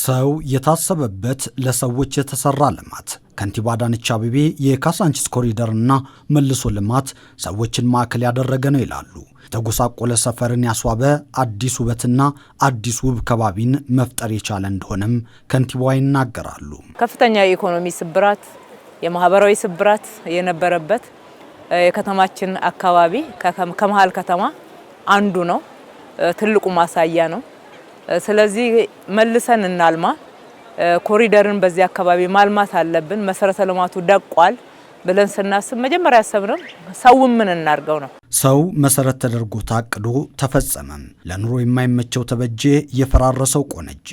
ሰው የታሰበበት ለሰዎች የተሰራ ልማት ከንቲባ አዳነች አቤቤ የካሳንችስ ኮሪደርና መልሶ ልማት ሰዎችን ማዕከል ያደረገ ነው ይላሉ። የተጎሳቆለ ሰፈርን ያስዋበ አዲስ ውበትና አዲስ ውብ ከባቢን መፍጠር የቻለ እንደሆነም ከንቲባ ይናገራሉ። ከፍተኛ የኢኮኖሚ ስብራት፣ የማህበራዊ ስብራት የነበረበት የከተማችን አካባቢ ከመሀል ከተማ አንዱ ነው። ትልቁ ማሳያ ነው። ስለዚህ መልሰን እናልማ። ኮሪደርን በዚህ አካባቢ ማልማት አለብን። መሰረተ ልማቱ ደቋል ብለን ስናስብ መጀመሪያ ያሰብነው ሰው ምን እናርገው ነው። ሰው መሰረት ተደርጎ ታቅዶ ተፈጸመም። ለኑሮ የማይመቸው ተበጄ፣ የፈራረሰው ቆነጀ።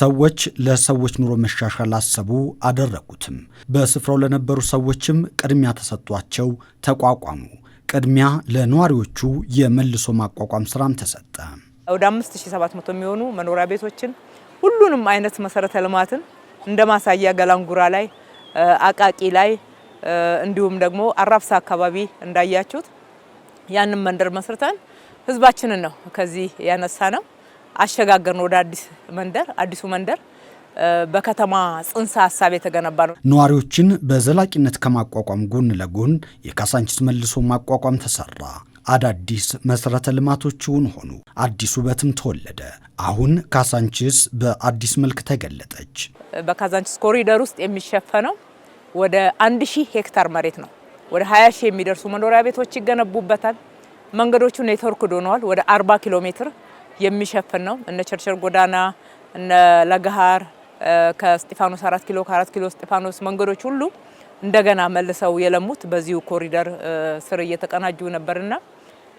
ሰዎች ለሰዎች ኑሮ መሻሻል አሰቡ፣ አደረጉትም። በስፍራው ለነበሩ ሰዎችም ቅድሚያ ተሰጥቷቸው ተቋቋሙ። ቅድሚያ ለነዋሪዎቹ የመልሶ ማቋቋም ስራም ተሰጠ። ወደ 5700 የሚሆኑ መኖሪያ ቤቶችን ሁሉንም አይነት መሰረተ ልማትን እንደ ማሳያ ገላንጉራ ላይ፣ አቃቂ ላይ እንዲሁም ደግሞ አራፍሳ አካባቢ እንዳያችሁት ያንን መንደር መስርተን ህዝባችንን ነው ከዚህ ያነሳ ነው አሸጋገርን ወደ አዲስ መንደር። አዲሱ መንደር በከተማ ጽንሰ ሀሳብ የተገነባ ነው። ነዋሪዎችን በዘላቂነት ከማቋቋም ጎን ለጎን የካሳንቺስ መልሶ ማቋቋም ተሰራ። አዳዲስ መሠረተ ልማቶችውን ሆኑ አዲስ ውበትም ተወለደ። አሁን ካሳንቺስ በአዲስ መልክ ተገለጠች። በካዛንቺስ ኮሪደር ውስጥ የሚሸፈነው ወደ 1000 ሄክታር መሬት ነው። ወደ 20 የሚደርሱ መኖሪያ ቤቶች ይገነቡበታል። መንገዶቹ ኔትወርክ ዶነዋል። ወደ 40 ኪሎ ሜትር የሚሸፍን ነው። እነ ቸርቸር ጎዳና፣ እነ ለገሃር ከስጢፋኖስ 4 ኪሎ ከ4 ኪሎ ስጢፋኖስ መንገዶች ሁሉ እንደገና መልሰው የለሙት በዚሁ ኮሪደር ስር እየተቀናጁ ነበርና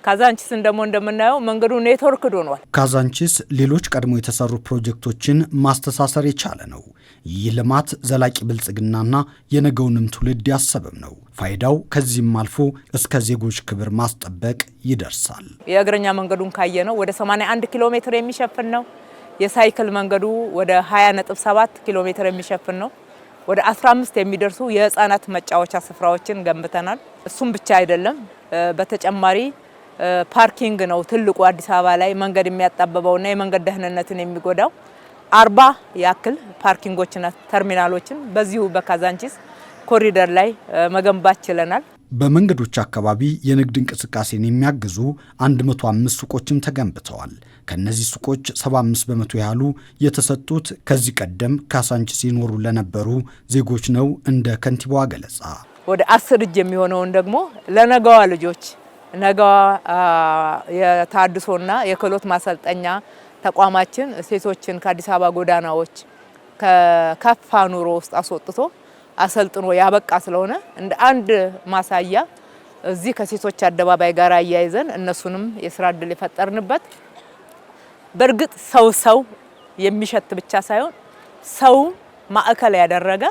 ካዛንቺስን ደግሞ እንደምናየው መንገዱ ኔትወርክ ዶኗል። ካዛንቺስ ሌሎች ቀድሞ የተሰሩ ፕሮጀክቶችን ማስተሳሰር የቻለ ነው። ይህ ልማት ዘላቂ ብልጽግናና የነገውንም ትውልድ ያሰብም ነው። ፋይዳው ከዚህም አልፎ እስከ ዜጎች ክብር ማስጠበቅ ይደርሳል። የእግረኛ መንገዱን ካየ ነው ወደ 81 ኪሎ ሜትር የሚሸፍን ነው። የሳይክል መንገዱ ወደ 27 ኪሎ ሜትር የሚሸፍን ነው። ወደ 15 የሚደርሱ የህፃናት መጫወቻ ስፍራዎችን ገንብተናል። እሱም ብቻ አይደለም በተጨማሪ ፓርኪንግ ነው ትልቁ አዲስ አበባ ላይ መንገድ የሚያጣበበው እና የመንገድ ደህንነትን የሚጎዳው። አርባ ያክል ፓርኪንጎችና ተርሚናሎችን በዚሁ በካዛንቺስ ኮሪደር ላይ መገንባት ችለናል። በመንገዶች አካባቢ የንግድ እንቅስቃሴን የሚያግዙ 105 ሱቆችም ተገንብተዋል። ከእነዚህ ሱቆች 75 በመቶ ያህሉ የተሰጡት ከዚህ ቀደም ካሳንቺስ ሲኖሩ ለነበሩ ዜጎች ነው እንደ ከንቲባዋ ገለጻ። ወደ አስር እጅ የሚሆነውን ደግሞ ለነገዋ ልጆች ነገዋ የታድሶና የክህሎት ማሰልጠኛ ተቋማችን ሴቶችን ከአዲስ አበባ ጎዳናዎች ከከፋ ኑሮ ውስጥ አስወጥቶ አሰልጥኖ ያበቃ ስለሆነ እንደ አንድ ማሳያ እዚህ ከሴቶች አደባባይ ጋር አያይዘን እነሱንም የስራ እድል የፈጠርንበት በእርግጥ ሰው ሰው የሚሸት ብቻ ሳይሆን ሰው ማዕከል ያደረገ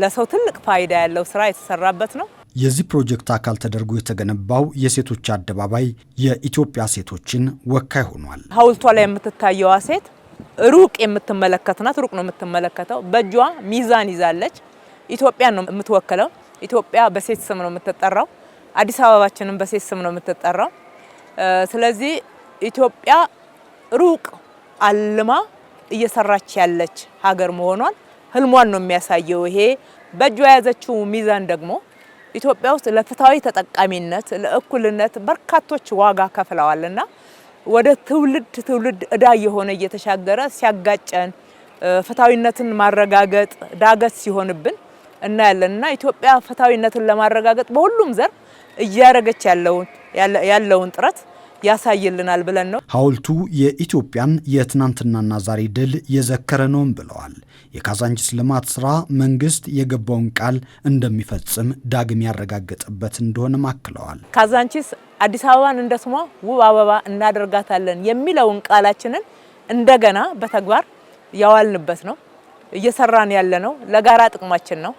ለሰው ትልቅ ፋይዳ ያለው ስራ የተሰራበት ነው። የዚህ ፕሮጀክት አካል ተደርጎ የተገነባው የሴቶች አደባባይ የኢትዮጵያ ሴቶችን ወካይ ሆኗል። ሐውልቷ ላይ የምትታየዋ ሴት ሩቅ የምትመለከት ናት። ሩቅ ነው የምትመለከተው። በእጇ ሚዛን ይዛለች። ኢትዮጵያን ነው የምትወክለው። ኢትዮጵያ በሴት ስም ነው የምትጠራው። አዲስ አበባችንም በሴት ስም ነው የምትጠራው። ስለዚህ ኢትዮጵያ ሩቅ አልማ እየሰራች ያለች ሀገር መሆኗን ህልሟን ነው የሚያሳየው። ይሄ በእጇ የያዘችው ሚዛን ደግሞ ኢትዮጵያ ውስጥ ለፍትሃዊ ተጠቃሚነት፣ ለእኩልነት በርካቶች ዋጋ ከፍለዋልና ወደ ትውልድ ትውልድ እዳ የሆነ እየተሻገረ ሲያጋጨን ፍትሃዊነትን ማረጋገጥ ዳገት ሲሆንብን እናያለን እና ኢትዮጵያ ፍትሃዊነትን ለማረጋገጥ በሁሉም ዘርፍ እያደረገች ያለውን ጥረት ያሳይልናል ብለን ነው። ሐውልቱ የኢትዮጵያን የትናንትናና ዛሬ ድል የዘከረ ነውም ብለዋል። የካዛንችስ ልማት ስራ መንግስት የገባውን ቃል እንደሚፈጽም ዳግም ያረጋገጠበት እንደሆነም አክለዋል። ካዛንቺስ አዲስ አበባን እንደ ስሟ ውብ አበባ እናደርጋታለን የሚለውን ቃላችንን እንደገና በተግባር ያዋልንበት ነው። እየሰራን ያለ ነው። ለጋራ ጥቅማችን ነው።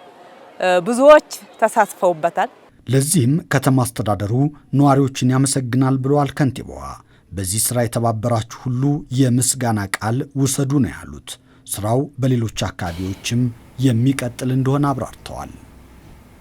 ብዙዎች ተሳትፈውበታል። ለዚህም ከተማ አስተዳደሩ ነዋሪዎችን ያመሰግናል ብለዋል ከንቲባዋ። በዚህ ሥራ የተባበራችሁ ሁሉ የምስጋና ቃል ውሰዱ ነው ያሉት። ሥራው በሌሎች አካባቢዎችም የሚቀጥል እንደሆነ አብራርተዋል።